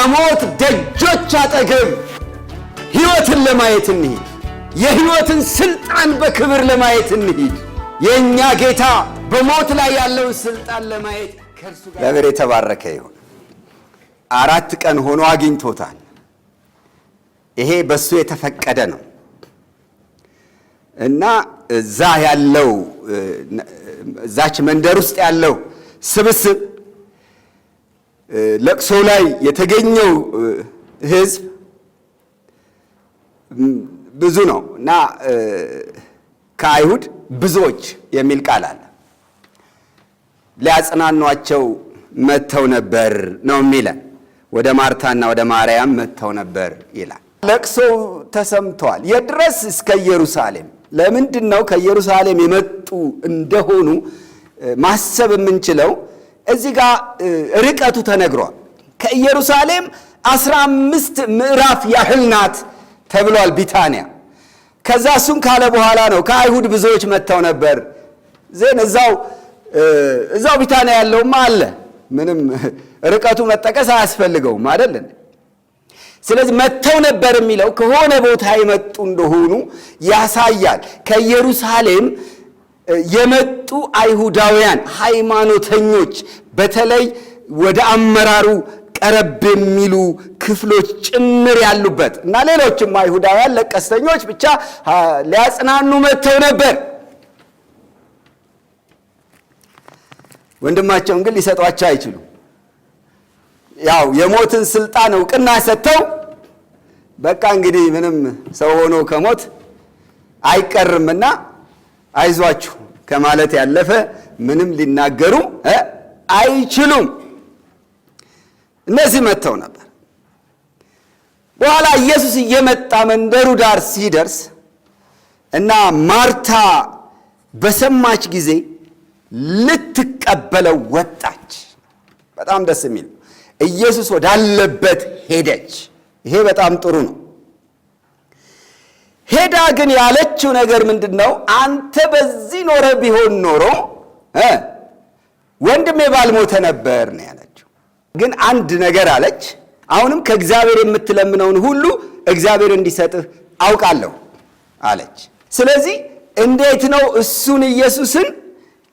በሞት ደጆች አጠገብ ሕይወትን ለማየት እንሂድ። የሕይወትን ሥልጣን በክብር ለማየት እንሂድ። የእኛ ጌታ በሞት ላይ ያለውን ሥልጣን ለማየት ከእርሱ ጋር የተባረከ ይሁን። አራት ቀን ሆኖ አግኝቶታል። ይሄ በእሱ የተፈቀደ ነው እና እዛ ያለው እዛች መንደር ውስጥ ያለው ስብስብ ለቅሶ ላይ የተገኘው ህዝብ ብዙ ነው እና ከአይሁድ ብዙዎች የሚል ቃል አለ። ሊያጽናኗቸው መጥተው ነበር ነው የሚለን። ወደ ማርታና ወደ ማርያም መጥተው ነበር ይላል። ለቅሶ ተሰምተዋል። የድረስ እስከ ኢየሩሳሌም። ለምንድን ነው ከኢየሩሳሌም የመጡ እንደሆኑ ማሰብ የምንችለው? እዚህ ጋር ርቀቱ ተነግሯል። ከኢየሩሳሌም 15 ምዕራፍ ያህል ናት ተብሏል ቢታንያ። ከዛ እሱን ካለ በኋላ ነው ከአይሁድ ብዙዎች መጥተው ነበር። ዜን እዛው እዛው ቢታንያ ያለውማ አለ ምንም ርቀቱ መጠቀስ አያስፈልገውም አይደለን። ስለዚህ መጥተው ነበር የሚለው ከሆነ ቦታ የመጡ እንደሆኑ ያሳያል። ከኢየሩሳሌም የመጡ አይሁዳውያን ሃይማኖተኞች በተለይ ወደ አመራሩ ቀረብ የሚሉ ክፍሎች ጭምር ያሉበት እና ሌሎችም አይሁዳውያን ለቀስተኞች ብቻ ሊያጽናኑ መጥተው ነበር። ወንድማቸውን ግን ሊሰጧቸው አይችሉ ያው የሞትን ስልጣን እውቅና ሰጥተው በቃ እንግዲህ ምንም ሰው ሆኖ ከሞት አይቀርምና አይዟችሁ ከማለት ያለፈ ምንም ሊናገሩ አይችሉም። እነዚህ መጥተው ነበር። በኋላ ኢየሱስ እየመጣ መንደሩ ዳር ሲደርስ እና ማርታ በሰማች ጊዜ ልትቀበለው ወጣች። በጣም ደስ የሚል ኢየሱስ ወዳለበት ሄደች። ይሄ በጣም ጥሩ ነው። ሄዳ ግን ያለችው ነገር ምንድን ነው? አንተ በዚህ ኖረ ቢሆን ኖሮ ወንድሜ ባልሞተ ነበር ነው ያለችው። ግን አንድ ነገር አለች። አሁንም ከእግዚአብሔር የምትለምነውን ሁሉ እግዚአብሔር እንዲሰጥህ አውቃለሁ አለች። ስለዚህ እንዴት ነው እሱን ኢየሱስን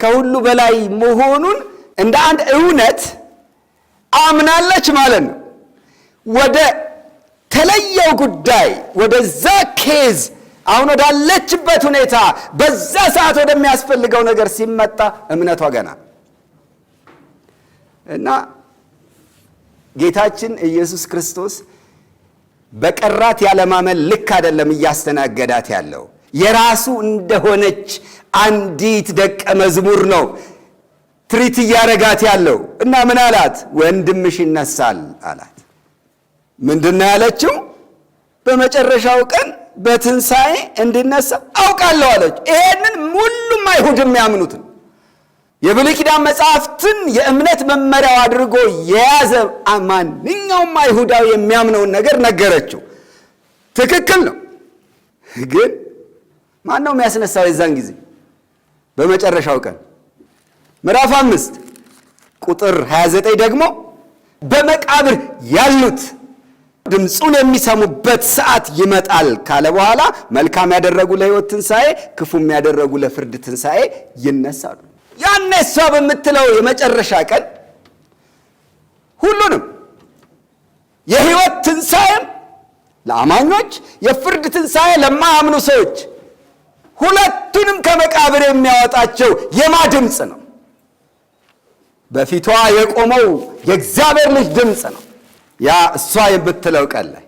ከሁሉ በላይ መሆኑን እንደ አንድ እውነት አምናለች ማለት ነው ወደ ከተለየው ጉዳይ ወደዛ ኬዝ አሁን ወዳለችበት ሁኔታ በዛ ሰዓት ወደሚያስፈልገው ነገር ሲመጣ እምነቷ ገና እና ጌታችን ኢየሱስ ክርስቶስ በቀራት ያለማመን ልክ አይደለም እያስተናገዳት ያለው የራሱ እንደሆነች አንዲት ደቀ መዝሙር ነው ትሪት እያረጋት ያለው እና ምን አላት? ወንድምሽ ይነሳል አላት። ምንድን ነው ያለችው? በመጨረሻው ቀን በትንሣኤ እንድነሳ አውቃለሁ አለች። ይሄንን ሁሉም አይሁድ የሚያምኑትን የብሉይ ኪዳን መጽሐፍትን የእምነት መመሪያው አድርጎ የያዘ ማንኛውም አይሁዳዊ የሚያምነውን ነገር ነገረችው። ትክክል ነው። ግን ማን ነው የሚያስነሳው? የዛን ጊዜ በመጨረሻው ቀን ምዕራፍ አምስት ቁጥር 29 ደግሞ በመቃብር ያሉት ድምፁን የሚሰሙበት ሰዓት ይመጣል ካለ በኋላ መልካም ያደረጉ ለህይወት ትንሣኤ፣ ክፉም ያደረጉ ለፍርድ ትንሣኤ ይነሳሉ። ያኔ እሷ በምትለው የመጨረሻ ቀን ሁሉንም የህይወት ትንሣኤም ለአማኞች የፍርድ ትንሣኤ ለማያምኑ ሰዎች ሁለቱንም ከመቃብር የሚያወጣቸው የማ ድምፅ ነው? በፊቷ የቆመው የእግዚአብሔር ልጅ ድምፅ ነው። ያ እሷ የምትለው ቀን ላይ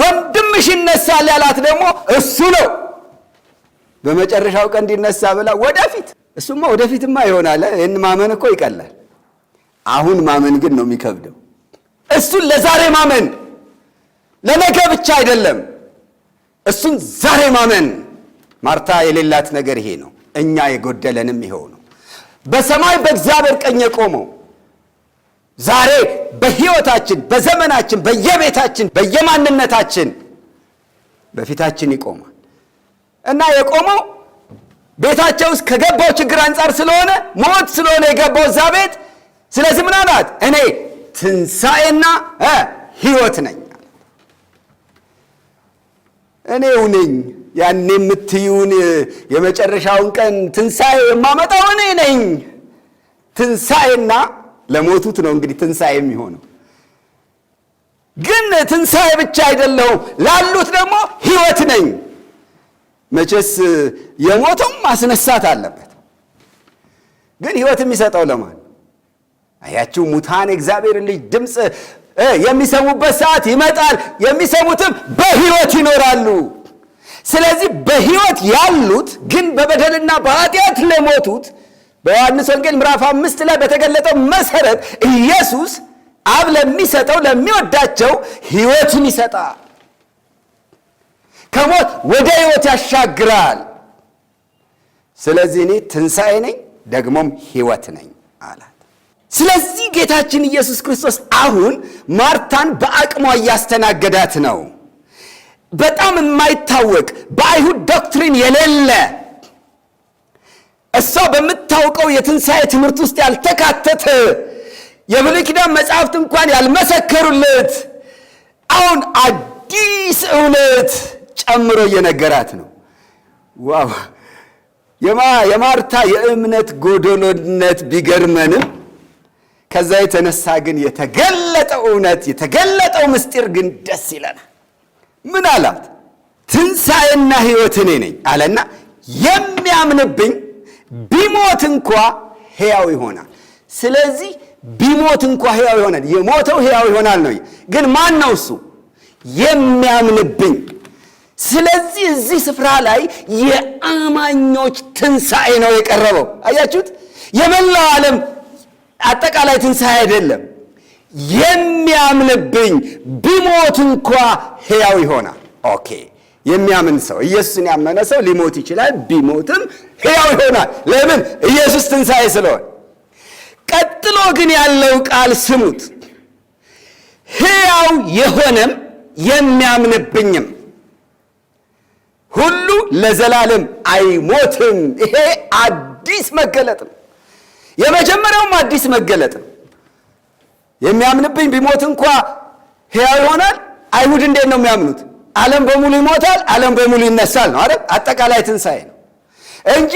ወንድምሽ ይነሳል ያላት ደግሞ እሱ ነው። በመጨረሻው ቀን እንዲነሳ ብላ ወደፊት እሱማ ወደፊትማ ይሆናል። ይህን ማመን እኮ ይቀላል። አሁን ማመን ግን ነው የሚከብደው። እሱን ለዛሬ ማመን ለነገ ብቻ አይደለም፣ እሱን ዛሬ ማመን። ማርታ የሌላት ነገር ይሄ ነው። እኛ የጎደለንም ይኸው ነው። በሰማይ በእግዚአብሔር ቀኝ የቆመው ዛሬ በሕይወታችን፣ በዘመናችን፣ በየቤታችን፣ በየማንነታችን በፊታችን ይቆማል እና የቆመው ቤታቸው ውስጥ ከገባው ችግር አንጻር ስለሆነ ሞት ስለሆነ የገባው እዛ ቤት። ስለዚህ ምን አላት? እኔ ትንሣኤና ሕይወት ነኝ። እኔው ነኝ ያን የምትዩን የመጨረሻውን ቀን ትንሣኤ የማመጣው እኔ ነኝ። ትንሣኤና ለሞቱት ነው እንግዲህ ትንሣኤ የሚሆነው። ግን ትንሣኤ ብቻ አይደለሁም፣ ላሉት ደግሞ ሕይወት ነኝ። መቼስ የሞቱም ማስነሳት አለበት። ግን ሕይወት የሚሰጠው ለማን? አያችሁ፣ ሙታን የእግዚአብሔር ልጅ ድምፅ የሚሰሙበት ሰዓት ይመጣል፣ የሚሰሙትም በሕይወት ይኖራሉ። ስለዚህ በሕይወት ያሉት ግን በበደልና በኃጢአት ለሞቱት በዮሐንስ ወንጌል ምዕራፍ አምስት ላይ በተገለጠው መሰረት ኢየሱስ አብ ለሚሰጠው ለሚወዳቸው ህይወትን ይሰጣል። ከሞት ወደ ህይወት ያሻግራል። ስለዚህ እኔ ትንሣኤ ነኝ ደግሞም ህይወት ነኝ አላት። ስለዚህ ጌታችን ኢየሱስ ክርስቶስ አሁን ማርታን በአቅሟ እያስተናገዳት ነው። በጣም የማይታወቅ በአይሁድ ዶክትሪን የሌለ እሷ በምት በምታውቀው የትንሣኤ ትምህርት ውስጥ ያልተካተተ የብሉይ ኪዳን መጽሐፍት እንኳን ያልመሰከሩለት አሁን አዲስ እውነት ጨምሮ እየነገራት ነው። ዋው! የማርታ የእምነት ጎደሎነት ቢገርመንም ከዛ የተነሳ ግን የተገለጠው እውነት የተገለጠው ምስጢር ግን ደስ ይለናል። ምን አላት? ትንሣኤና ሕይወት እኔ ነኝ አለና የሚያምንብኝ ቢሞት እንኳ ሕያው ይሆናል። ስለዚህ ቢሞት እንኳ ሕያው ይሆናል። የሞተው ሕያው ይሆናል ነው። ግን ማን ነው እሱ? የሚያምንብኝ። ስለዚህ እዚህ ስፍራ ላይ የአማኞች ትንሣኤ ነው የቀረበው። አያችሁት? የመላው ዓለም አጠቃላይ ትንሣኤ አይደለም። የሚያምንብኝ ቢሞት እንኳ ሕያው ይሆናል። ኦኬ የሚያምን ሰው ኢየሱስን ያመነ ሰው ሊሞት ይችላል። ቢሞትም ሕያው ይሆናል። ለምን? ኢየሱስ ትንሣኤ ስለሆነ። ቀጥሎ ግን ያለው ቃል ስሙት፣ ሕያው የሆነም የሚያምንብኝም ሁሉ ለዘላለም አይሞትም። ይሄ አዲስ መገለጥ ነው። የመጀመሪያውም አዲስ መገለጥ ነው። የሚያምንብኝ ቢሞት እንኳ ሕያው ይሆናል። አይሁድ እንዴት ነው የሚያምኑት? ዓለም በሙሉ ይሞታል፣ ዓለም በሙሉ ይነሳል ነው አይደል? አጠቃላይ ትንሣኤ ነው እንጂ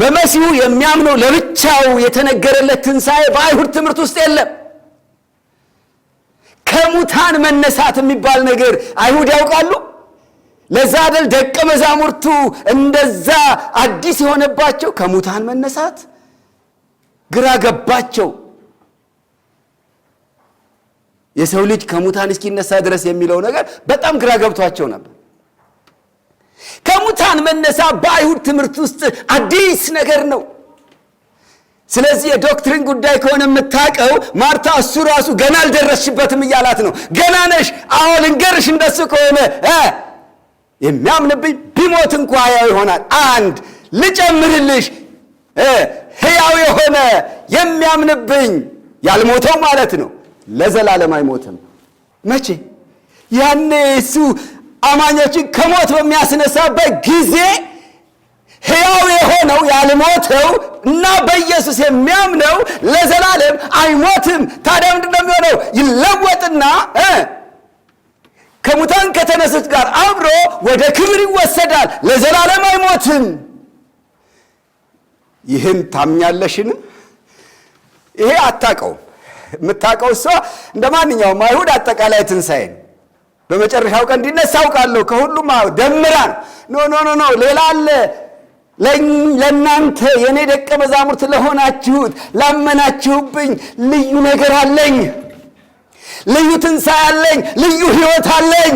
በመሲሁ የሚያምነው ለብቻው የተነገረለት ትንሣኤ በአይሁድ ትምህርት ውስጥ የለም። ከሙታን መነሳት የሚባል ነገር አይሁድ ያውቃሉ። ለዛ አደል ደቀ መዛሙርቱ እንደዛ አዲስ የሆነባቸው ከሙታን መነሳት ግራ ገባቸው። የሰው ልጅ ከሙታን እስኪነሳ ድረስ የሚለው ነገር በጣም ግራ ገብቷቸው ነበር። ከሙታን መነሳ በአይሁድ ትምህርት ውስጥ አዲስ ነገር ነው። ስለዚህ የዶክትሪን ጉዳይ ከሆነ የምታቀው ማርታ እሱ ራሱ ገና አልደረስሽበትም እያላት ነው። ገና ነሽ። አዎ ልንገርሽ፣ እንደሱ ከሆነ የሚያምንብኝ ቢሞት እንኳ ሕያው ይሆናል። አንድ ልጨምርልሽ፣ ሕያው የሆነ የሚያምንብኝ ያልሞተው ማለት ነው ለዘላለም አይሞትም። መቼ? ያኔ እሱ አማኞችን ከሞት በሚያስነሳበት ጊዜ ሕያው የሆነው ያልሞተው እና በኢየሱስ የሚያምነው ለዘላለም አይሞትም። ታዲያ ምንድን ነው የሚሆነው? ይለወጥና ከሙታን ከተነሱት ጋር አብሮ ወደ ክብር ይወሰዳል። ለዘላለም አይሞትም። ይህን ታምኛለሽን? ይሄ አታውቀውም። የምታውቀው እሷ እንደ ማንኛውም አይሁድ አጠቃላይ ትንሣኤ ነው። በመጨረሻው ቀን እንዲነሳ አውቃለሁ። ከሁሉም ደምራ ኖ ኖ ኖ ኖ ሌላ አለ ለእናንተ የእኔ ደቀ መዛሙርት ለሆናችሁት ላመናችሁብኝ ልዩ ነገር አለኝ፣ ልዩ ትንሣኤ አለኝ፣ ልዩ ሕይወት አለኝ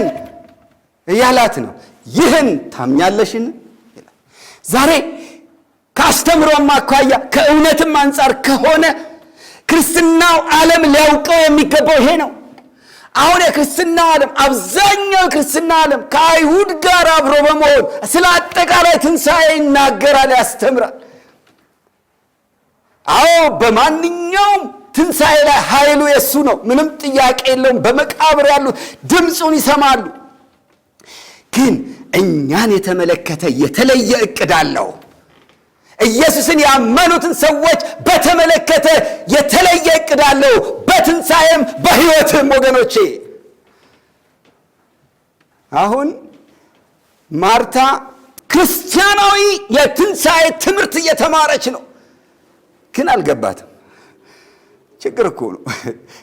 እያላት ነው። ይህን ታምኛለሽን? ዛሬ ከአስተምሮም አኳያ ከእውነትም አንጻር ከሆነ ክርስትናው ዓለም ሊያውቀው የሚገባው ይሄ ነው። አሁን የክርስትና ዓለም አብዛኛው የክርስትና ዓለም ከአይሁድ ጋር አብሮ በመሆን ስለ አጠቃላይ ትንሣኤ ይናገራል፣ ያስተምራል። አዎ በማንኛውም ትንሣኤ ላይ ኃይሉ የእሱ ነው። ምንም ጥያቄ የለውም። በመቃብር ያሉት ድምፁን ይሰማሉ። ግን እኛን የተመለከተ የተለየ እቅድ አለው። ኢየሱስን ያመኑትን ሰዎች በተመለከተ የተለየ እቅድ አለው። በትንሣኤም በሕይወትም ወገኖቼ አሁን ማርታ ክርስቲያናዊ የትንሣኤ ትምህርት እየተማረች ነው፣ ግን አልገባትም። ችግር እኮ ነው።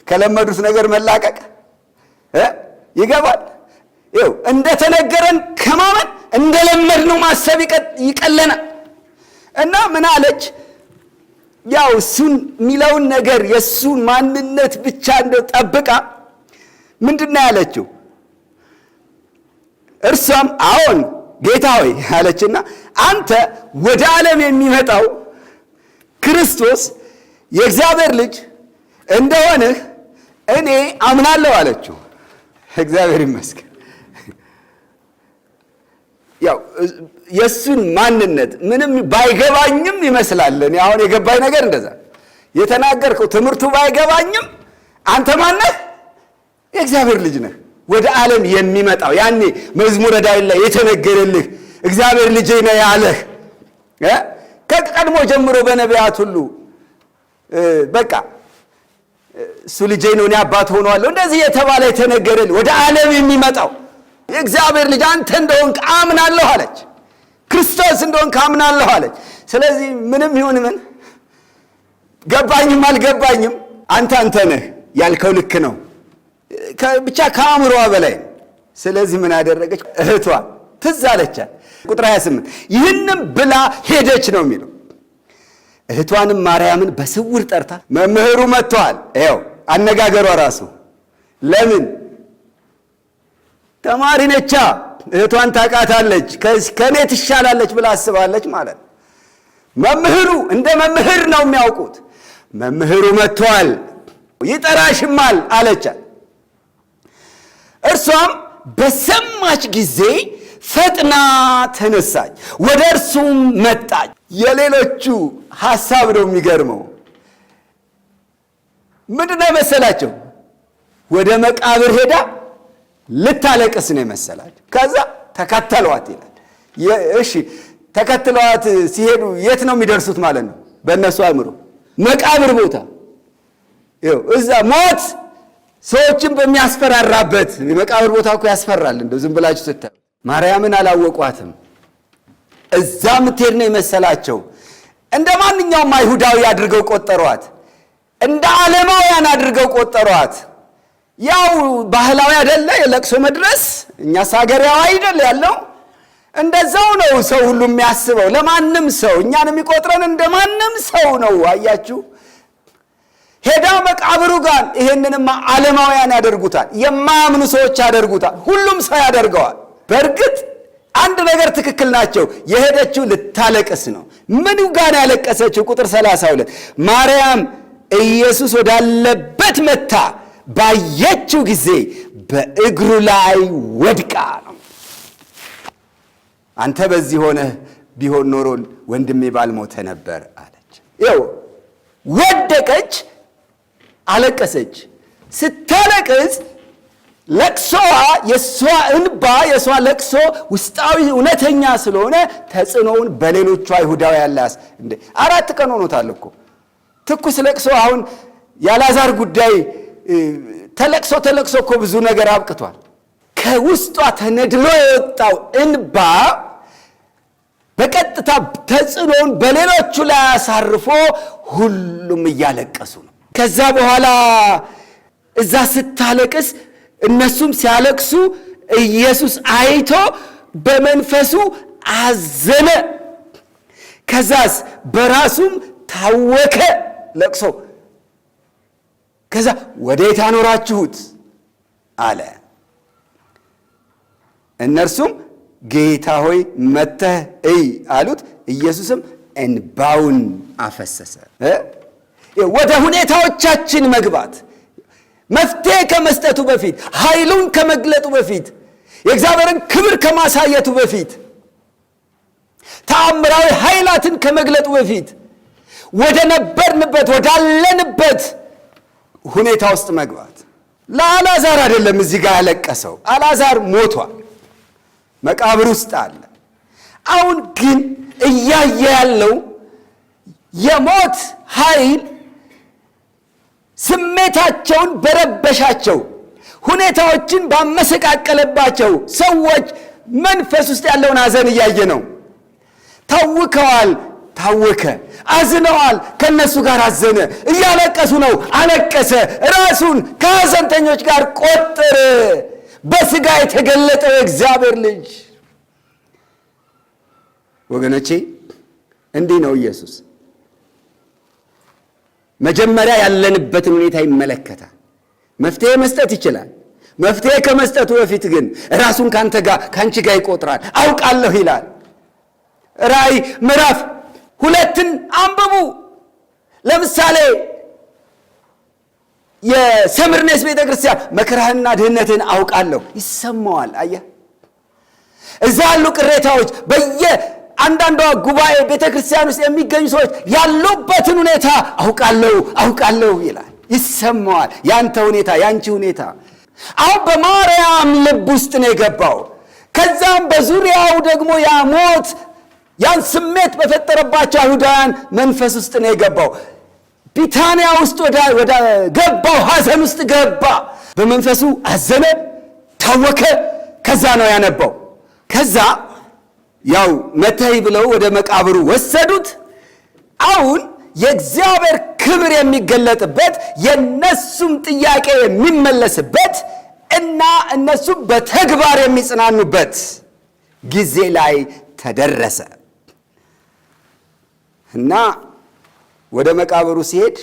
ከለመዱት ነገር መላቀቅ ይገባል። ው እንደተነገረን ከማመን እንደለመድ ነው ማሰብ ይቀለናል። እና ምን አለች? ያው እሱን የሚለውን ነገር የእሱን ማንነት ብቻ እንደው ጠብቃ ያለችው? እርሷም አዎን ጌታ ሆይ አለችና፣ አንተ ወደ ዓለም የሚመጣው ክርስቶስ የእግዚአብሔር ልጅ እንደሆንህ እኔ አምናለሁ አለችው። እግዚአብሔር ይመስገን። ያው የእሱን ማንነት ምንም ባይገባኝም ይመስላል። እኔ አሁን የገባኝ ነገር እንደዛ የተናገርከው ትምህርቱ ባይገባኝም አንተ ማነህ? የእግዚአብሔር ልጅ ነህ። ወደ ዓለም የሚመጣው ያኔ መዝሙረ ዳዊት ላይ የተነገረልህ እግዚአብሔር ልጄ ነው ያለህ ከቀድሞ ጀምሮ በነቢያት ሁሉ በቃ እሱ ልጄ ነው እኔ አባት ሆነዋለሁ እንደዚህ የተባለ የተነገረልህ ወደ ዓለም የሚመጣው የእግዚአብሔር ልጅ አንተ እንደሆንክ አምናለሁ አለች። ክርስቶስ እንደሆንክ አምናለሁ አለች። ስለዚህ ምንም ይሁን ምን ገባኝም አልገባኝም አንተ አንተ ነህ ያልከው ልክ ነው፣ ብቻ ከአእምሮዋ በላይ ስለዚህ ምን አደረገች? እህቷ ትዝ አለቻት። ቁጥር 28 ይህንም ብላ ሄደች ነው የሚለው። እህቷንም ማርያምን በስውር ጠርታ መምህሩ መጥተዋል። ው አነጋገሯ ራሱ ለምን ተማሪ ነቻ እህቷን ታቃታለች ከእኔ ትሻላለች ብላ አስባለች ማለት ነው። መምህሩ እንደ መምህር ነው የሚያውቁት። መምህሩ መጥቷል ይጠራሽማል አለቻ እርሷም በሰማች ጊዜ ፈጥና ተነሳች፣ ወደ እርሱም መጣች። የሌሎቹ ሐሳብ ነው የሚገርመው። ምንድን የመሰላቸው? ወደ መቃብር ሄዳ ልታለቅስ ነው የመሰላቸው። ከዛ ተከተሏት ይላል። እሺ ተከትለዋት ሲሄዱ የት ነው የሚደርሱት ማለት ነው? በእነሱ አእምሮ መቃብር ቦታ እዛ ሞት ሰዎችን በሚያስፈራራበት የመቃብር ቦታ እኮ ያስፈራል። እንደው ዝም ብላችሁ ማርያምን አላወቋትም። እዛ ምትሄድ ነው የመሰላቸው። እንደ ማንኛውም አይሁዳዊ አድርገው ቆጠሯት። እንደ ዓለማውያን አድርገው ቆጠሯት። ያው ባህላዊ አይደለ የለቅሶ መድረስ፣ እኛስ ሀገሪያው አይደል ያለው። እንደዛው ነው ሰው ሁሉ የሚያስበው ለማንም ሰው፣ እኛን የሚቆጥረን እንደ ማንም ሰው ነው። አያችሁ ሄዳ መቃብሩ ጋር ይሄንንማ አለማውያን ያደርጉታል፣ የማያምኑ ሰዎች ያደርጉታል፣ ሁሉም ሰው ያደርገዋል። በእርግጥ አንድ ነገር ትክክል ናቸው። የሄደችው ልታለቅስ ነው። ምን ጋር ያለቀሰችው? ቁጥር 32 ማርያም ኢየሱስ ወዳለበት መታ ባየችው ጊዜ በእግሩ ላይ ወድቃ ነው። አንተ በዚህ ሆነህ ቢሆን ኖሮ ወንድሜ ባልሞተ ነበር አለች። ይኸው ወደቀች፣ አለቀሰች። ስታለቅስ ለቅሶዋ የእሷ እንባ የእሷ ለቅሶ ውስጣዊ እውነተኛ ስለሆነ ተጽዕኖውን በሌሎቹ አይሁዳዊ ላይ እንደ አራት ቀን ሆኖታል እኮ ትኩስ ለቅሶ አሁን የአልዓዛር ጉዳይ ተለቅሶ ተለቅሶ እኮ ብዙ ነገር አብቅቷል። ከውስጧ ተነድሎ የወጣው እንባ በቀጥታ ተጽዕኖውን በሌሎቹ ላይ አሳርፎ ሁሉም እያለቀሱ ነው። ከዛ በኋላ እዛ ስታለቅስ እነሱም ሲያለቅሱ ኢየሱስ አይቶ በመንፈሱ አዘነ። ከዛስ በራሱም ታወከ ለቅሶ ከዛ ወዴት አኖራችሁት አለ። እነርሱም ጌታ ሆይ መተህ እይ አሉት። ኢየሱስም እንባውን አፈሰሰ። ወደ ሁኔታዎቻችን መግባት መፍትሄ ከመስጠቱ በፊት ኃይሉን ከመግለጡ በፊት የእግዚአብሔርን ክብር ከማሳየቱ በፊት ተአምራዊ ኃይላትን ከመግለጡ በፊት ወደ ነበርንበት ወዳለንበት ሁኔታ ውስጥ መግባት። ለአላዛር አይደለም እዚህ ጋር ያለቀሰው። አላዛር ሞቷል፣ መቃብር ውስጥ አለ። አሁን ግን እያየ ያለው የሞት ኃይል ስሜታቸውን በረበሻቸው፣ ሁኔታዎችን ባመሰቃቀለባቸው ሰዎች መንፈስ ውስጥ ያለውን ሐዘን እያየ ነው። ታውከዋል። ታወከ። አዝነዋል፣ ከነሱ ጋር አዘነ። እያለቀሱ ነው፣ አለቀሰ። ራሱን ከሐዘንተኞች ጋር ቆጠረ። በስጋ የተገለጠ እግዚአብሔር ልጅ ወገኖቼ፣ እንዲህ ነው ኢየሱስ። መጀመሪያ ያለንበትን ሁኔታ ይመለከታል። መፍትሄ መስጠት ይችላል። መፍትሄ ከመስጠቱ በፊት ግን ራሱን ከአንተ ጋር ከአንቺ ጋር ይቆጥራል። አውቃለሁ ይላል ራእይ ምዕራፍ ሁለትን አንብቡ። ለምሳሌ የሰምርኔስ ቤተ ክርስቲያን መከራህንና ድህነትን አውቃለሁ ይሰማዋል። አየ እዛ ያሉ ቅሬታዎች በየ አንዳንዷ ጉባኤ ቤተ ክርስቲያን ውስጥ የሚገኙ ሰዎች ያሉበትን ሁኔታ አውቃለሁ አውቃለሁ ይላል፣ ይሰማዋል። ያንተ ሁኔታ ያንቺ ሁኔታ አሁን በማርያም ልብ ውስጥ ነው የገባው። ከዛም በዙሪያው ደግሞ ያ ሞት ያን ስሜት በፈጠረባቸው አይሁዳውያን መንፈስ ውስጥ ነው የገባው። ቢታንያ ውስጥ ወደ ገባው ሐዘን ውስጥ ገባ። በመንፈሱ አዘነ፣ ታወከ። ከዛ ነው ያነባው። ከዛ ያው መተይ ብለው ወደ መቃብሩ ወሰዱት። አሁን የእግዚአብሔር ክብር የሚገለጥበት የነሱም ጥያቄ የሚመለስበት እና እነሱም በተግባር የሚጽናኑበት ጊዜ ላይ ተደረሰ። እና ወደ መቃብሩ ሲሄድ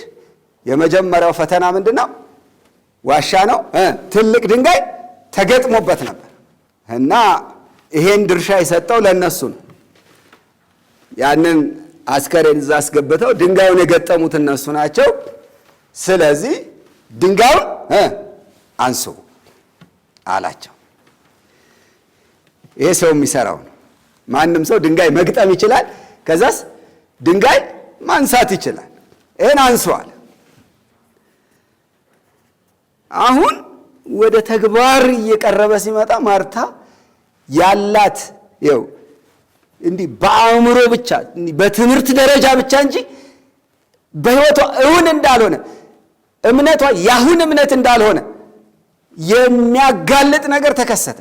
የመጀመሪያው ፈተና ምንድን ነው? ዋሻ ነው። ትልቅ ድንጋይ ተገጥሞበት ነበር እና ይሄን ድርሻ የሰጠው ለእነሱ ነው። ያንን አስከሬን እዛ አስገብተው ድንጋዩን የገጠሙት እነሱ ናቸው። ስለዚህ ድንጋዩን አንሱ አላቸው። ይሄ ሰው የሚሰራው ነው። ማንም ሰው ድንጋይ መግጠም ይችላል። ከዛስ ድንጋይ ማንሳት ይችላል። ይህን አንሰዋል። አሁን ወደ ተግባር እየቀረበ ሲመጣ ማርታ ያላት ው እንዲህ በአእምሮ ብቻ በትምህርት ደረጃ ብቻ እንጂ በሕይወቷ እውን እንዳልሆነ እምነቷ ያሁን እምነት እንዳልሆነ የሚያጋልጥ ነገር ተከሰተ።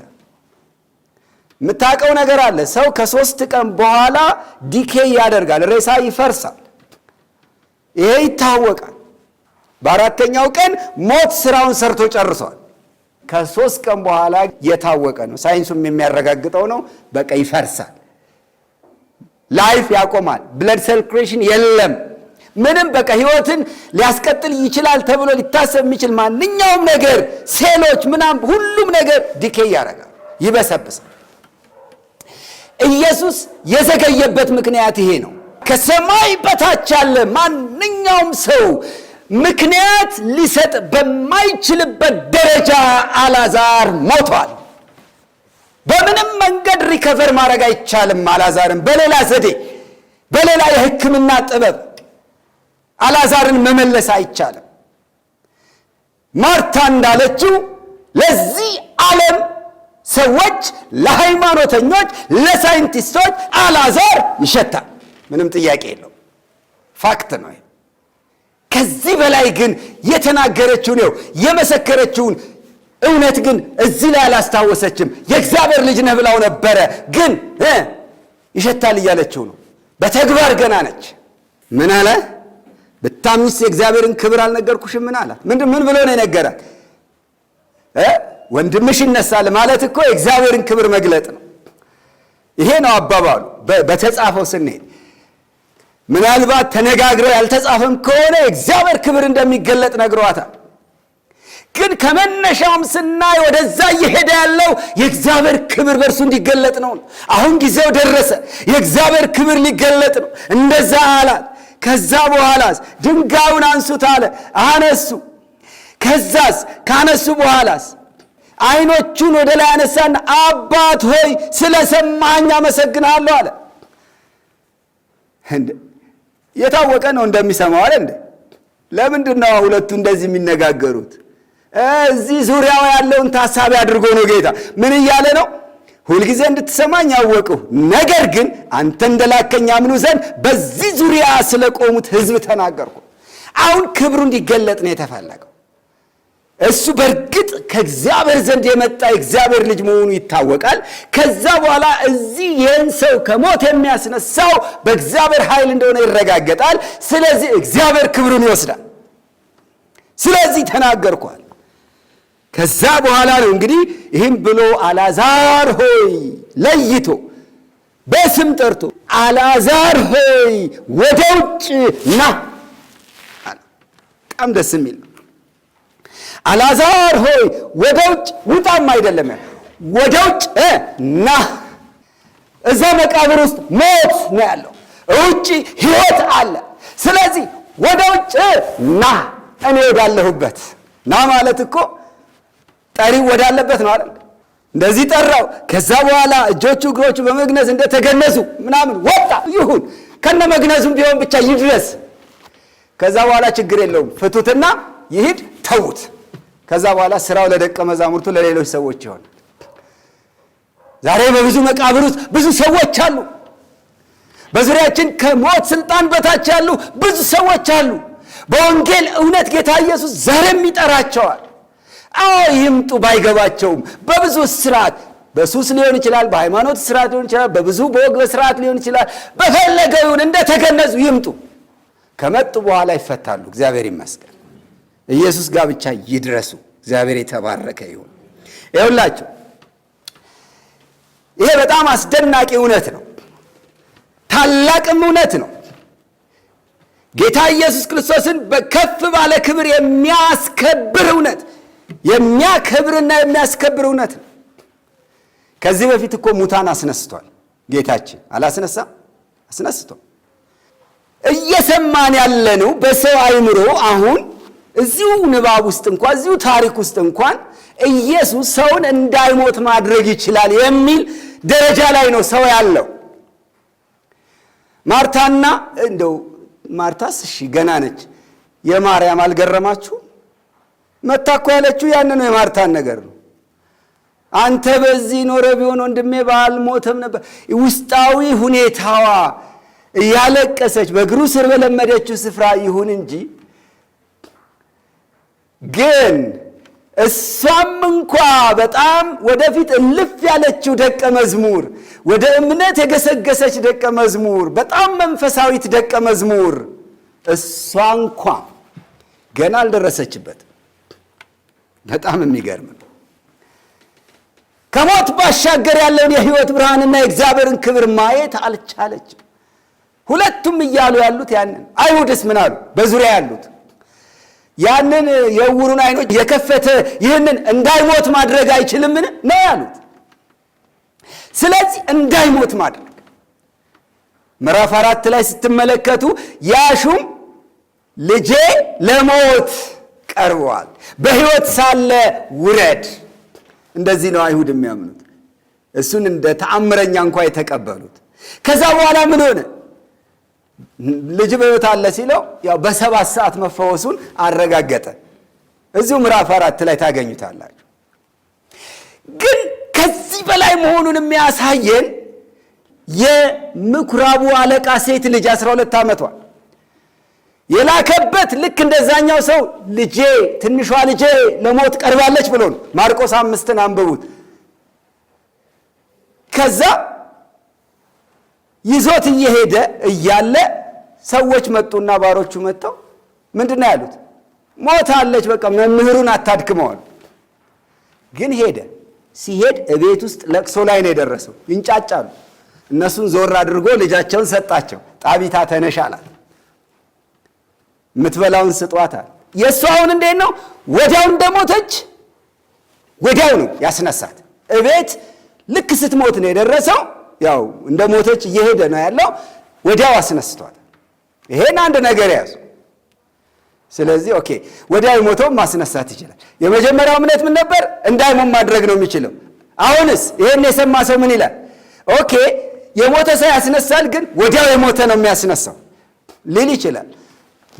የምታውቀው ነገር አለ። ሰው ከሶስት ቀን በኋላ ዲኬ ያደርጋል፣ ሬሳ ይፈርሳል። ይሄ ይታወቃል። በአራተኛው ቀን ሞት ስራውን ሰርቶ ጨርሷል። ከሶስት ቀን በኋላ የታወቀ ነው፣ ሳይንሱም የሚያረጋግጠው ነው። በቃ ይፈርሳል፣ ላይፍ ያቆማል። ብለድ ሰርኩሌሽን የለም፣ ምንም በቃ ህይወትን ሊያስቀጥል ይችላል ተብሎ ሊታሰብ የሚችል ማንኛውም ነገር፣ ሴሎች ምናም ሁሉም ነገር ዲኬ ያደርጋል፣ ይበሰብሳል። ኢየሱስ የዘገየበት ምክንያት ይሄ ነው። ከሰማይ በታች ያለ ማንኛውም ሰው ምክንያት ሊሰጥ በማይችልበት ደረጃ አላዛር ሞቷል። በምንም መንገድ ሪከቨር ማድረግ አይቻልም። አላዛርን በሌላ ዘዴ፣ በሌላ የሕክምና ጥበብ አላዛርን መመለስ አይቻልም። ማርታ እንዳለችው ለዚህ ዓለም ሰዎች ለሃይማኖተኞች፣ ለሳይንቲስቶች አላዛር ይሸታል። ምንም ጥያቄ የለው። ፋክት ነው። ከዚህ በላይ ግን የተናገረችውን ው የመሰከረችውን እውነት ግን እዚህ ላይ አላስታወሰችም። የእግዚአብሔር ልጅ ነህ ብላው ነበረ፣ ግን ይሸታል እያለችው ነው። በተግባር ገና ነች። ምን አለ? ብታምኚስ የእግዚአብሔርን ክብር አልነገርኩሽም? ምን አላት? ምን ብሎ ነው የነገራት? ወንድምሽ ይነሳል ማለት እኮ የእግዚአብሔርን ክብር መግለጥ ነው። ይሄ ነው አባባሉ። በተጻፈው ስንሄድ ምናልባት ተነጋግረው ያልተጻፈም ከሆነ የእግዚአብሔር ክብር እንደሚገለጥ ነግሯታል። ግን ከመነሻውም ስናይ ወደዛ እየሄደ ያለው የእግዚአብሔር ክብር በእርሱ እንዲገለጥ ነው። አሁን ጊዜው ደረሰ፣ የእግዚአብሔር ክብር ሊገለጥ ነው። እንደዛ አላት። ከዛ በኋላስ ድንጋዩን አንሱት አለ። አነሱ። ከዛስ ካነሱ በኋላስ አይኖቹን ወደ ላይ አነሳን። አባት ሆይ ስለ ሰማኝ አመሰግናለሁ አለ። የታወቀ ነው እንደሚሰማው አለ። እንደ ለምንድን ነው ሁለቱ እንደዚህ የሚነጋገሩት? እዚህ ዙሪያው ያለውን ታሳቢ አድርጎ ነው ጌታ ምን እያለ ነው? ሁልጊዜ እንድትሰማኝ ያወቅሁ፣ ነገር ግን አንተ እንደላከኝ አምኑ ዘንድ በዚህ ዙሪያ ስለቆሙት ህዝብ ተናገርኩ። አሁን ክብሩ እንዲገለጥ ነው የተፈለገው። እሱ በእርግጥ ከእግዚአብሔር ዘንድ የመጣ የእግዚአብሔር ልጅ መሆኑ ይታወቃል። ከዛ በኋላ እዚህ ይህን ሰው ከሞት የሚያስነሳው በእግዚአብሔር ኃይል እንደሆነ ይረጋገጣል። ስለዚህ እግዚአብሔር ክብሩን ይወስዳል። ስለዚህ ተናገርኳል። ከዛ በኋላ ነው እንግዲህ ይህም ብሎ አላዛር ሆይ ለይቶ በስም ጠርቶ አላዛር ሆይ ወደ ውጭ ና። በጣም ደስ የሚል ነው። አልዓዛር ሆይ ወደ ውጭ ውጣም አይደለም፣ ወደ ውጭ ና። እዛ መቃብር ውስጥ ሞት ነው ያለው፣ ውጭ ሕይወት አለ። ስለዚህ ወደ ውጭ ና፣ እኔ ወዳለሁበት ና ማለት እኮ ጠሪ ወዳለበት ነው አይደል? እንደዚህ ጠራው። ከዛ በኋላ እጆቹ እግሮቹ በመግነዝ እንደተገነዙ ምናምን ወጣ። ይሁን ከነ መግነዙም ቢሆን ብቻ ይድረስ። ከዛ በኋላ ችግር የለውም። ፍቱትና ይሂድ፣ ተዉት። ከዛ በኋላ ስራው ለደቀ መዛሙርቱ ለሌሎች ሰዎች ይሆን። ዛሬ በብዙ መቃብር ውስጥ ብዙ ሰዎች አሉ። በዙሪያችን ከሞት ስልጣን በታች ያሉ ብዙ ሰዎች አሉ። በወንጌል እውነት ጌታ ኢየሱስ ዛሬም ይጠራቸዋል። አዎ ይምጡ። ባይገባቸውም በብዙ ስርዓት በሱስ ሊሆን ይችላል፣ በሃይማኖት ስርዓት ሊሆን ይችላል፣ በብዙ በወግ በስርዓት ሊሆን ይችላል። በፈለገውን እንደተገነዙ ይምጡ። ከመጡ በኋላ ይፈታሉ። እግዚአብሔር ይመስገን። ኢየሱስ ጋር ብቻ ይድረሱ። እግዚአብሔር የተባረከ ይሁን። ይሁላችሁ ይሄ በጣም አስደናቂ እውነት ነው። ታላቅም እውነት ነው። ጌታ ኢየሱስ ክርስቶስን በከፍ ባለ ክብር የሚያስከብር እውነት የሚያከብርና የሚያስከብር እውነት ነው። ከዚህ በፊት እኮ ሙታን አስነስቷል ጌታችን። አላስነሳም? አስነስቷል። እየሰማን ያለነው በሰው አይምሮ አሁን እዚሁ ንባብ ውስጥ እንኳን እዚሁ ታሪክ ውስጥ እንኳን ኢየሱስ ሰውን እንዳይሞት ማድረግ ይችላል የሚል ደረጃ ላይ ነው ሰው ያለው። ማርታና እንደው ማርታስ እሺ ገና ነች። የማርያም አልገረማችሁ? መታ ያለችው ያን ነው የማርታን ነገር ነው። አንተ በዚህ ኖረ ቢሆን ወንድሜ ባልሞተም ነበር። ውስጣዊ ሁኔታዋ እያለቀሰች በእግሩ ስር በለመደችው ስፍራ ይሁን እንጂ ግን እሷም እንኳ በጣም ወደፊት እልፍ ያለችው ደቀ መዝሙር፣ ወደ እምነት የገሰገሰች ደቀ መዝሙር፣ በጣም መንፈሳዊት ደቀ መዝሙር እሷ እንኳ ገና አልደረሰችበት። በጣም የሚገርም ነው። ከሞት ባሻገር ያለውን የህይወት ብርሃንና የእግዚአብሔርን ክብር ማየት አልቻለችም። ሁለቱም እያሉ ያሉት ያንን አይሁድስ ምን አሉ? በዙሪያ ያሉት ያንን የውሩን አይኖች የከፈተ ይህንን እንዳይሞት ማድረግ አይችልምን ነው ያሉት። ስለዚህ እንዳይሞት ማድረግ ምዕራፍ አራት ላይ ስትመለከቱ ያሹም ልጄ ለሞት ቀርቧል። በሕይወት ሳለ ውረድ። እንደዚህ ነው አይሁድ የሚያምኑት። እሱን እንደ ተአምረኛ እንኳ የተቀበሉት። ከዛ በኋላ ምን ሆነ? ልጅ በሕይወት አለ ሲለው ያው በሰባት ሰዓት መፈወሱን አረጋገጠ። እዚሁ ምዕራፍ አራት ላይ ታገኙታላችሁ። ግን ከዚህ በላይ መሆኑን የሚያሳየን የምኩራቡ አለቃ ሴት ልጅ 12 ዓመቷ የላከበት ልክ እንደዛኛው ሰው ልጄ ትንሿ ልጄ ለሞት ቀርባለች ብሎ ማርቆስ አምስትን አንብቡት። ከዛ ይዞት እየሄደ እያለ ሰዎች መጡና ባሮቹ መጥተው ምንድን ነው ያሉት? ሞታለች፣ በቃ መምህሩን አታድክመዋል። ግን ሄደ። ሲሄድ እቤት ውስጥ ለቅሶ ላይ ነው የደረሰው። ይንጫጫሉ። እነሱን ዞር አድርጎ ልጃቸውን ሰጣቸው። ጣቢታ ተነሽ አላት። የምትበላውን ስጧታል። የእሱ አሁን እንዴት ነው? ወዲያው እንደሞተች ወዲያው ነው ያስነሳት። እቤት ልክ ስትሞት ነው የደረሰው። ያው እንደ ሞተች እየሄደ ነው ያለው። ወዲያው አስነስቷል። ይሄን አንድ ነገር ያዙ። ስለዚህ ኦኬ፣ ወዲያው ሞተው ማስነሳት ይችላል። የመጀመሪያው እምነት ምን ነበር? እንዳይሞት ማድረግ ነው የሚችለው። አሁንስ ይሄን የሰማ ሰው ምን ይላል? ኦኬ፣ የሞተ ሰው ያስነሳል፣ ግን ወዲያው የሞተ ነው የሚያስነሳው ሊል ይችላል።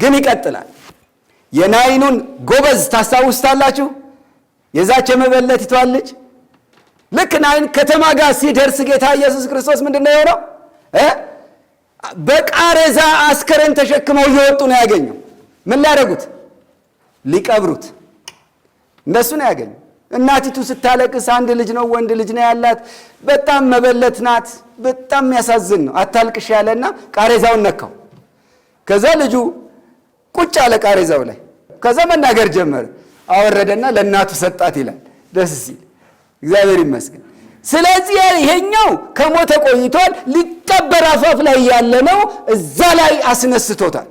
ግን ይቀጥላል። የናይኑን ጎበዝ ታስታውስታላችሁ? የዛች የመበለቲቷን ልጅ ልክ ናይን ከተማ ጋር ሲደርስ ጌታ ኢየሱስ ክርስቶስ ምንድን ነው የሆነው? በቃሬዛ አስከሬን ተሸክመው እየወጡ ነው ያገኘው። ምን ላደረጉት ሊቀብሩት። እነሱ ነው ያገኘው። እናቲቱ ስታለቅስ፣ አንድ ልጅ ነው ወንድ ልጅ ነው ያላት። በጣም መበለት ናት። በጣም የሚያሳዝን ነው። አታልቅሽ ያለና ቃሬዛውን ነካው። ከዛ ልጁ ቁጭ አለ ቃሬዛው ላይ። ከዛ መናገር ጀመረ። አወረደና ለእናቱ ሰጣት ይላል። ደስ ሲል እግዚአብሔር ይመስገን። ስለዚህ ይሄኛው ከሞተ ቆይቷል። ሊቀበር አፋፍ ላይ ያለ ነው። እዛ ላይ አስነስቶታል።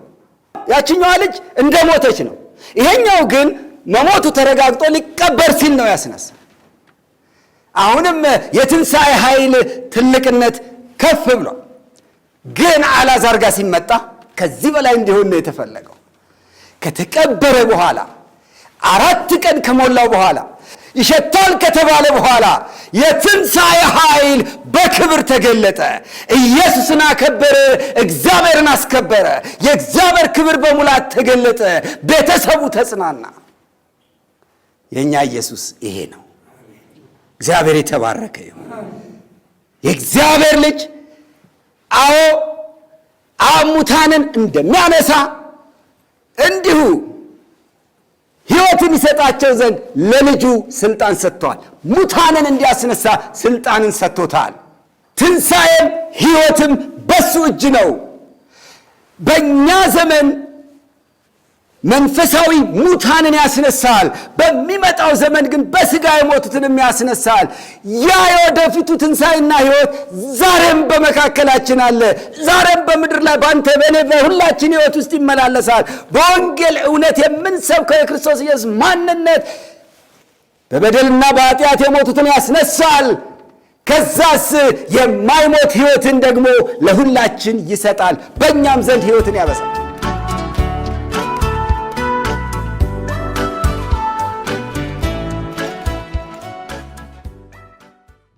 ያችኛዋ ልጅ እንደ ሞተች ነው። ይሄኛው ግን መሞቱ ተረጋግጦ ሊቀበር ሲል ነው ያስነሳ። አሁንም የትንሣኤ ኃይል ትልቅነት ከፍ ብሏል። ግን አላዛር ጋር ሲመጣ ከዚህ በላይ እንዲሆን ነው የተፈለገው። ከተቀበረ በኋላ አራት ቀን ከሞላው በኋላ ይሸታል ከተባለ በኋላ የትንሣኤ ኃይል በክብር ተገለጠ። ኢየሱስን አከበረ፣ እግዚአብሔርን አስከበረ። የእግዚአብሔር ክብር በሙላት ተገለጠ። ቤተሰቡ ተጽናና። የእኛ ኢየሱስ ይሄ ነው። እግዚአብሔር የተባረከ ይሁን። የእግዚአብሔር ልጅ አዎ አሙታንን እንደሚያነሳ እንዲሁ ይሰጣቸው ዘንድ ለልጁ ስልጣን ሰጥተዋል። ሙታንን እንዲያስነሳ ስልጣንን ሰጥቶታል። ትንሣኤም ሕይወትም በሱ እጅ ነው። በእኛ ዘመን መንፈሳዊ ሙታንን ያስነሳል። በሚመጣው ዘመን ግን በስጋ የሞቱትንም ያስነሳል። ያ የወደፊቱ ትንሣይና ሕይወት ዛሬም በመካከላችን አለ። ዛሬም በምድር ላይ በአንተ፣ በእኔ፣ በሁላችን ሕይወት ውስጥ ይመላለሳል። በወንጌል እውነት የምንሰብከው የክርስቶስ ኢየሱስ ማንነት በበደልና በኃጢአት የሞቱትን ያስነሳል። ከዛስ የማይሞት ሕይወትን ደግሞ ለሁላችን ይሰጣል። በእኛም ዘንድ ሕይወትን ያበሳል።